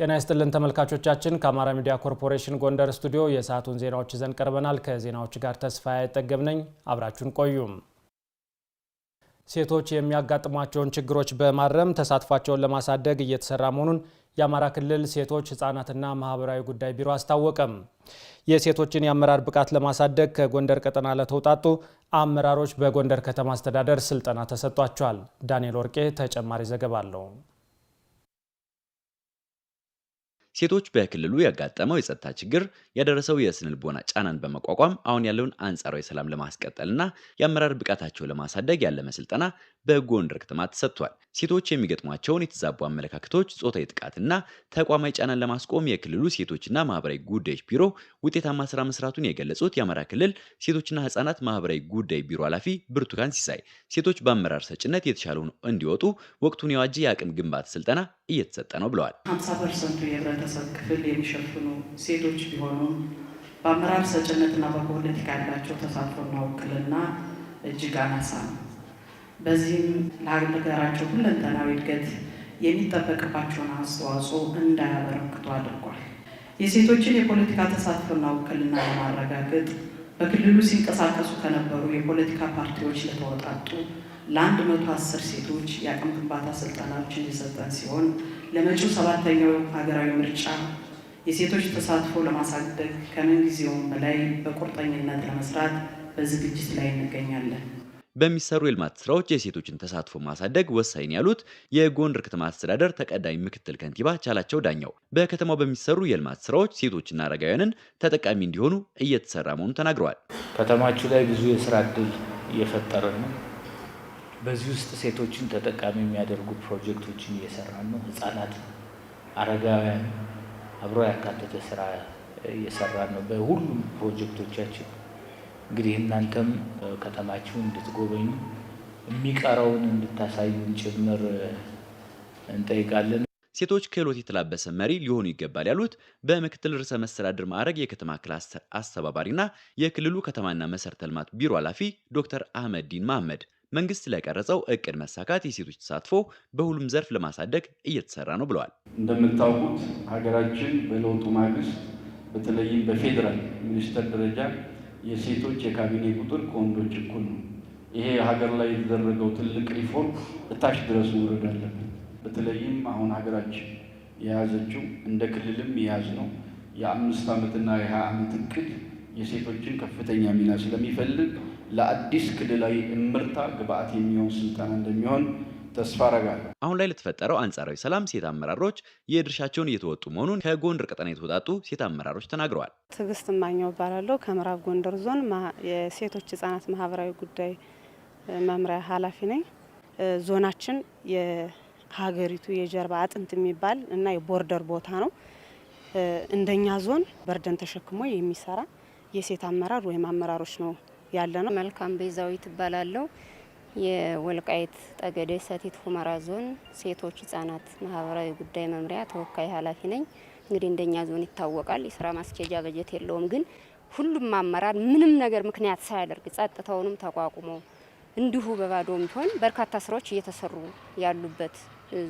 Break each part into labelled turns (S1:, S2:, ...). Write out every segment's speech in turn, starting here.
S1: ጤና ይስጥልን ተመልካቾቻችን፣ ከአማራ ሚዲያ ኮርፖሬሽን ጎንደር ስቱዲዮ የሰዓቱን ዜናዎች ይዘን ቀርበናል። ከዜናዎች ጋር ተስፋ አይጠገብ ነኝ። አብራችሁን ቆዩም። ሴቶች የሚያጋጥሟቸውን ችግሮች በማረም ተሳትፏቸውን ለማሳደግ እየተሰራ መሆኑን የአማራ ክልል ሴቶች ህጻናትና ማህበራዊ ጉዳይ ቢሮ አስታወቀም። የሴቶችን የአመራር ብቃት ለማሳደግ ከጎንደር ቀጠና ለተውጣጡ አመራሮች በጎንደር ከተማ አስተዳደር ስልጠና ተሰጥቷቸዋል። ዳንኤል ወርቄ ተጨማሪ ዘገባ አለው።
S2: ሴቶች በክልሉ ያጋጠመው የጸጥታ ችግር ያደረሰው የስነልቦና ጫናን በመቋቋም አሁን ያለውን አንጻራዊ ሰላም ለማስቀጠልና የአመራር ብቃታቸው ለማሳደግ ያለመ ስልጠና በጎንደር ከተማ ተሰጥቷል። ሴቶች የሚገጥሟቸውን የተዛቡ አመለካከቶች፣ ጾታዊ ጥቃትና ተቋማዊ ጫናን ለማስቆም የክልሉ ሴቶችና ማህበራዊ ጉዳዮች ቢሮ ውጤታማ ስራ መስራቱን የገለጹት የአማራ ክልል ሴቶችና ህጻናት ማህበራዊ ጉዳይ ቢሮ ኃላፊ ብርቱካን ሲሳይ ሴቶች በአመራር ሰጭነት የተሻለ እንዲወጡ ወቅቱን የዋጀ የአቅም ግንባታ ስልጠና እየተሰጠ ነው ብለዋል።
S3: 50 ፐርሰንቱ የህብረተሰብ ክፍል የሚሸፍኑ ሴቶች ቢሆኑም በአመራር ሰጭነትና በፖለቲካ ያላቸው ተሳትፎና ውክልና እጅግ አናሳ ነው። በዚህም ለሀገራቸው ሁለንተናዊ እድገት የሚጠበቅባቸውን አስተዋጽኦ እንዳያበረክቱ አድርጓል። የሴቶችን የፖለቲካ ተሳትፎና ውክልና ለማረጋገጥ በክልሉ ሲንቀሳቀሱ ከነበሩ የፖለቲካ ፓርቲዎች ለተወጣጡ ለአንድ መቶ አስር ሴቶች የአቅም ግንባታ ስልጠናዎችን የሰጠን ሲሆን ለመጪው ሰባተኛው ሀገራዊ ምርጫ የሴቶች ተሳትፎ ለማሳደግ ከምን ጊዜውም በላይ በቁርጠኝነት ለመስራት በዝግጅት ላይ እንገኛለን።
S2: በሚሰሩ የልማት ስራዎች የሴቶችን ተሳትፎ ማሳደግ ወሳኝ ያሉት የጎንደር ከተማ አስተዳደር ተቀዳሚ ምክትል ከንቲባ ቻላቸው ዳኛው በከተማው በሚሰሩ የልማት ስራዎች ሴቶችና አረጋውያንን ተጠቃሚ እንዲሆኑ እየተሰራ መሆኑን ተናግረዋል።
S4: ከተማችሁ ላይ ብዙ የስራ እድል እየፈጠርን ነው። በዚህ ውስጥ ሴቶችን ተጠቃሚ የሚያደርጉ ፕሮጀክቶችን እየሰራ ነው። ህጻናት፣ አረጋውያን አብሮ ያካተተ ስራ እየሰራ ነው በሁሉም ፕሮጀክቶቻችን እንግዲህ እናንተም ከተማችሁ እንድትጎበኙ የሚቀረውን እንድታሳዩን ጭምር እንጠይቃለን።
S2: ሴቶች ክህሎት የተላበሰ መሪ ሊሆኑ ይገባል ያሉት በምክትል ርዕሰ መስተዳድር ማዕረግ የከተማ ክላስተር አስተባባሪና የክልሉ ከተማና መሰረተ ልማት ቢሮ ኃላፊ ዶክተር አህመዲን መሐመድ መንግስት ስለቀረጸው እቅድ መሳካት የሴቶች ተሳትፎ በሁሉም ዘርፍ ለማሳደግ እየተሰራ ነው ብለዋል።
S5: እንደምታውቁት ሀገራችን በለውጡ ማግስት በተለይም በፌዴራል ሚኒስቴር ደረጃ የሴቶች የካቢኔ ቁጥር ከወንዶች እኩል ነው። ይሄ ሀገር ላይ የተደረገው ትልቅ ሪፎርም እታች ድረስ መውረድ አለብን። በተለይም አሁን ሀገራችን የያዘችው እንደ ክልልም የያዝ ነው የአምስት ዓመትና የሀያ ዓመት እቅድ የሴቶችን ከፍተኛ ሚና ስለሚፈልግ ለአዲስ ክልላዊ እምርታ ግብአት የሚሆን ስልጠና እንደሚሆን ተስፋ አረጋለሁ።
S2: አሁን ላይ ለተፈጠረው አንጻራዊ ሰላም ሴት አመራሮች የድርሻቸውን እየተወጡ መሆኑን ከጎንደር ቀጠና የተወጣጡ ሴት አመራሮች ተናግረዋል።
S6: ትዕግስት ማኘው እባላለሁ ከምዕራብ ጎንደር ዞን የሴቶች ህጻናት ማህበራዊ ጉዳይ መምሪያ ኃላፊ ነኝ። ዞናችን የሀገሪቱ የጀርባ አጥንት የሚባል እና የቦርደር ቦታ ነው። እንደኛ ዞን በርደን ተሸክሞ የሚሰራ የሴት አመራር ወይም አመራሮች ነው ያለ ነው።
S7: መልካም ቤዛዊ ትባላለው የወልቃይት ጠገዴ ሰቲት ሁመራ ዞን ሴቶች ህጻናት ማህበራዊ ጉዳይ መምሪያ ተወካይ ኃላፊ ነኝ። እንግዲህ እንደኛ ዞን ይታወቃል፣ የስራ ማስኬጃ በጀት የለውም። ግን ሁሉም አመራር ምንም ነገር ምክንያት ሳያደርግ ጸጥታውንም ተቋቁሞ እንዲሁ በባዶም ቢሆን በርካታ ስራዎች እየተሰሩ ያሉበት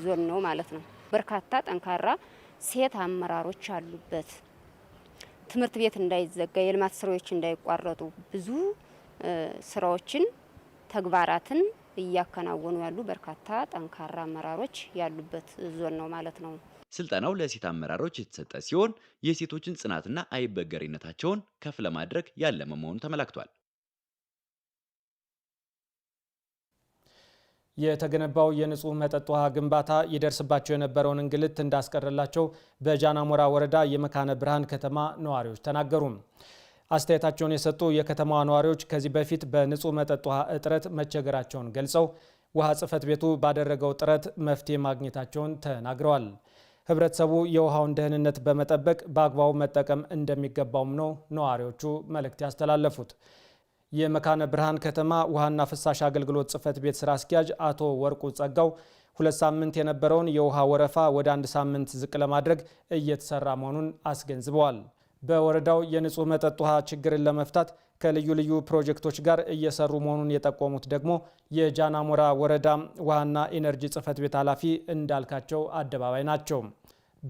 S7: ዞን ነው ማለት ነው። በርካታ ጠንካራ ሴት አመራሮች አሉበት። ትምህርት ቤት እንዳይዘጋ፣ የልማት ስራዎች እንዳይቋረጡ ብዙ ስራዎችን ተግባራትን እያከናወኑ ያሉ በርካታ ጠንካራ አመራሮች ያሉበት ዞን ነው ማለት ነው።
S2: ስልጠናው ለሴት አመራሮች የተሰጠ ሲሆን የሴቶችን ጽናትና አይበገሪነታቸውን ከፍ ለማድረግ ያለመ መሆኑ ተመላክቷል።
S1: የተገነባው የንጹህ መጠጥ ውሃ ግንባታ ይደርስባቸው የነበረውን እንግልት እንዳስቀረላቸው በጃናሞራ ወረዳ የመካነ ብርሃን ከተማ ነዋሪዎች ተናገሩም። አስተያየታቸውን የሰጡ የከተማዋ ነዋሪዎች ከዚህ በፊት በንጹህ መጠጥ ውሃ እጥረት መቸገራቸውን ገልጸው ውሃ ጽሕፈት ቤቱ ባደረገው ጥረት መፍትሄ ማግኘታቸውን ተናግረዋል። ህብረተሰቡ የውሃውን ደህንነት በመጠበቅ በአግባቡ መጠቀም እንደሚገባውም ነው ነዋሪዎቹ መልእክት ያስተላለፉት። የመካነ ብርሃን ከተማ ውሃና ፍሳሽ አገልግሎት ጽህፈት ቤት ስራ አስኪያጅ አቶ ወርቁ ጸጋው ሁለት ሳምንት የነበረውን የውሃ ወረፋ ወደ አንድ ሳምንት ዝቅ ለማድረግ እየተሰራ መሆኑን አስገንዝበዋል። በወረዳው የንጹህ መጠጥ ውሃ ችግርን ለመፍታት ከልዩ ልዩ ፕሮጀክቶች ጋር እየሰሩ መሆኑን የጠቆሙት ደግሞ የጃናሞራ ወረዳ ውሃና ኢነርጂ ጽህፈት ቤት ኃላፊ እንዳልካቸው አደባባይ ናቸው።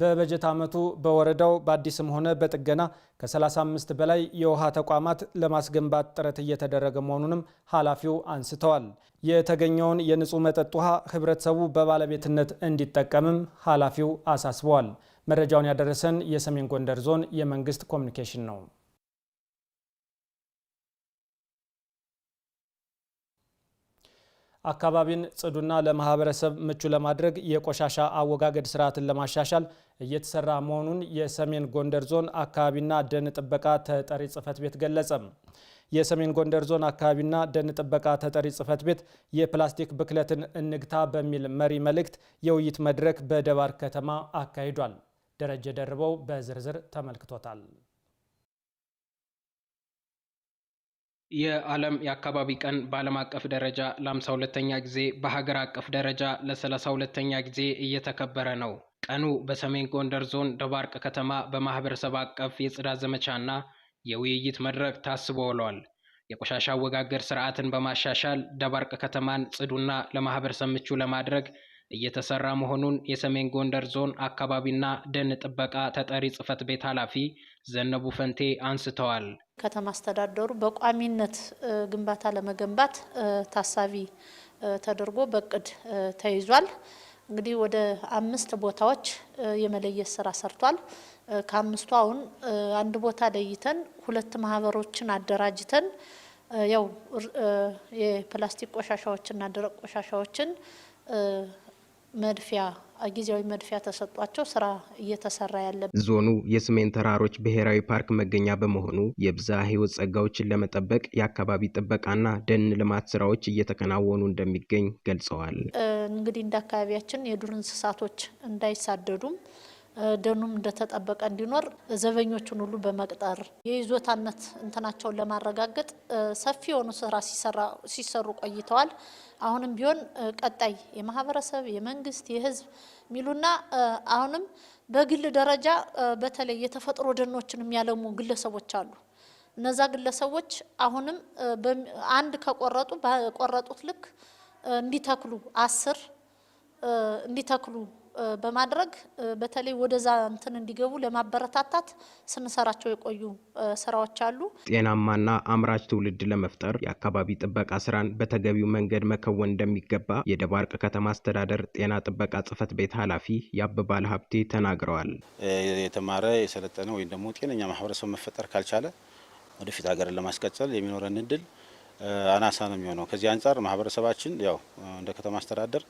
S1: በበጀት ዓመቱ በወረዳው በአዲስም ሆነ በጥገና ከ35 በላይ የውሃ ተቋማት ለማስገንባት ጥረት እየተደረገ መሆኑንም ኃላፊው አንስተዋል። የተገኘውን የንጹህ መጠጥ ውሃ ህብረተሰቡ በባለቤትነት እንዲጠቀምም ኃላፊው አሳስበዋል። መረጃውን ያደረሰን የሰሜን ጎንደር ዞን የመንግስት ኮሚኒኬሽን ነው። አካባቢን ጽዱና ለማህበረሰብ ምቹ ለማድረግ የቆሻሻ አወጋገድ ስርዓትን ለማሻሻል እየተሰራ መሆኑን የሰሜን ጎንደር ዞን አካባቢና ደን ጥበቃ ተጠሪ ጽህፈት ቤት ገለጸ። የሰሜን ጎንደር ዞን አካባቢና ደን ጥበቃ ተጠሪ ጽህፈት ቤት የፕላስቲክ ብክለትን እንግታ በሚል መሪ መልእክት የውይይት መድረክ በደባር ከተማ አካሂዷል። ደረጀ ደርበው በዝርዝር ተመልክቶታል።
S8: የዓለም የአካባቢ ቀን በዓለም አቀፍ ደረጃ ለ ሁለተኛ ጊዜ በሀገር አቀፍ ደረጃ ለሰላሳ ሁለተኛ ተኛ ጊዜ እየተከበረ ነው። ቀኑ በሰሜን ጎንደር ዞን ደባርቅ ከተማ በማህበረሰብ አቀፍ የጽዳት ዘመቻና የውይይት መድረክ ታስቦ ውሏል። የቆሻሻ አወጋገር ስርዓትን በማሻሻል ደባርቅ ከተማን ጽዱና ለማህበረሰብ ምቹ ለማድረግ እየተሰራ መሆኑን የሰሜን ጎንደር ዞን አካባቢና ደን ጥበቃ ተጠሪ ጽህፈት ቤት ኃላፊ ዘነቡ ፈንቴ አንስተዋል።
S9: ከተማ አስተዳደሩ በቋሚነት ግንባታ ለመገንባት ታሳቢ ተደርጎ በእቅድ ተይዟል። እንግዲህ ወደ አምስት ቦታዎች የመለየት ስራ ሰርቷል። ከአምስቱ አሁን አንድ ቦታ ለይተን ሁለት ማህበሮችን አደራጅተን ያው የፕላስቲክ ቆሻሻዎችና ደረቅ ቆሻሻዎችን መድፊያ ጊዜያዊ መድፊያ ተሰጧቸው ስራ እየተሰራ ያለ
S10: ዞኑ የሰሜን ተራሮች ብሔራዊ ፓርክ መገኛ በመሆኑ የብዝሃ ሕይወት ጸጋዎችን ለመጠበቅ የአካባቢ ጥበቃና ደን ልማት ስራዎች እየተከናወኑ እንደሚገኝ ገልጸዋል።
S9: እንግዲህ እንደ አካባቢያችን የዱር እንስሳቶች እንዳይሳደዱም ደኑም እንደተጠበቀ እንዲኖር ዘበኞቹን ሁሉ በመቅጠር የይዞታነት እንትናቸውን ለማረጋገጥ ሰፊ የሆኑ ስራ ሲሰሩ ቆይተዋል። አሁንም ቢሆን ቀጣይ የማህበረሰብ፣ የመንግስት፣ የህዝብ ሚሉና አሁንም በግል ደረጃ በተለይ የተፈጥሮ ደኖችን የሚያለሙ ግለሰቦች አሉ። እነዛ ግለሰቦች አሁንም አንድ ከቆረጡ በቆረጡት ልክ እንዲተክሉ አስር እንዲተክሉ በማድረግ በተለይ ወደዛ እንትን እንዲገቡ ለማበረታታት ስንሰራቸው የቆዩ ስራዎች አሉ።
S11: ጤናማና አምራች ትውልድ ለመፍጠር የአካባቢ ጥበቃ ስራን በተገቢው መንገድ መከወን እንደሚገባ የደባርቅ ከተማ አስተዳደር ጤና ጥበቃ ጽህፈት ቤት ኃላፊ የአበባል ሀብቴ ተናግረዋል።
S12: የተማረ የሰለጠነ ወይም ደግሞ ጤነኛ ማህበረሰብ መፈጠር ካልቻለ ወደፊት ሀገርን ለማስቀጠል የሚኖረን እድል አናሳ ነው የሚሆነው። ከዚህ አንጻር ማህበረሰባችን ያው እንደ ከተማ አስተዳደር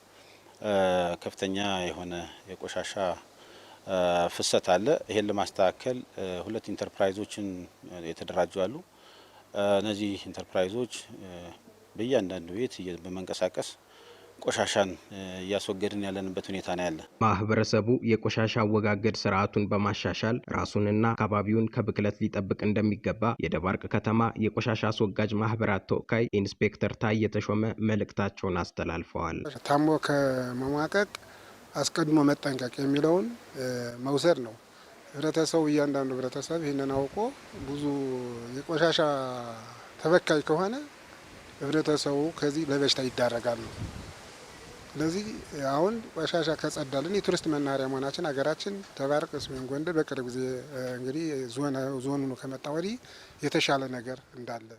S12: ከፍተኛ የሆነ የቆሻሻ ፍሰት አለ። ይሄን ለማስተካከል ሁለት ኢንተርፕራይዞችን የተደራጁ አሉ። እነዚህ ኢንተርፕራይዞች በእያንዳንዱ ቤት በመንቀሳቀስ ቆሻሻን እያስወገድን ያለንበት ሁኔታ ነው ያለ።
S1: ማህበረሰቡ የቆሻሻ አወጋገድ ስርዓቱን በማሻሻል ራሱንና አካባቢውን ከብክለት ሊጠብቅ እንደሚገባ የደባርቅ ከተማ የቆሻሻ አስወጋጅ ማህበራት ተወካይ ኢንስፔክተር ታዬ የተሾመ መልእክታቸውን አስተላልፈዋል።
S13: ታሞ ከመሟቀቅ አስቀድሞ መጠንቀቅ የሚለውን መውሰድ ነው። ህብረተሰቡ እያንዳንዱ ህብረተሰብ ይህንን አውቆ ብዙ የቆሻሻ ተበካይ ከሆነ ህብረተሰቡ ከዚህ ለበሽታ ይዳረጋል ነው ስለዚህ አሁን ቆሻሻ ከጸዳልን የቱሪስት መናኸሪያ መሆናችን ሀገራችን ተባረቅ ስሜን ጎንደር በቅርብ ጊዜ እንግዲህ ዞኑ ከመጣ ወዲህ የተሻለ ነገር እንዳለ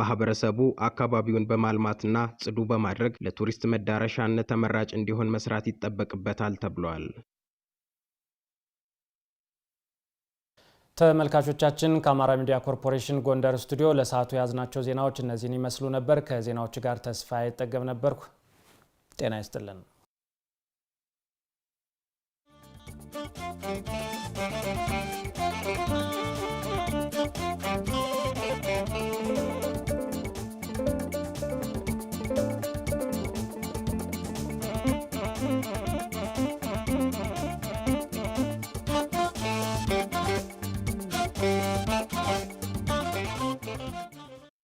S1: ማህበረሰቡ አካባቢውን በማልማትና ጽዱ በማድረግ ለቱሪስት መዳረሻነት ተመራጭ እንዲሆን መስራት ይጠበቅበታል ተብሏል። ተመልካቾቻችን ከአማራ ሚዲያ ኮርፖሬሽን ጎንደር ስቱዲዮ ለሰዓቱ የያዝናቸው ዜናዎች እነዚህን ይመስሉ ነበር። ከዜናዎች ጋር ተስፋ ጠገብ ነበርኩ። ጤና ይስጥልን።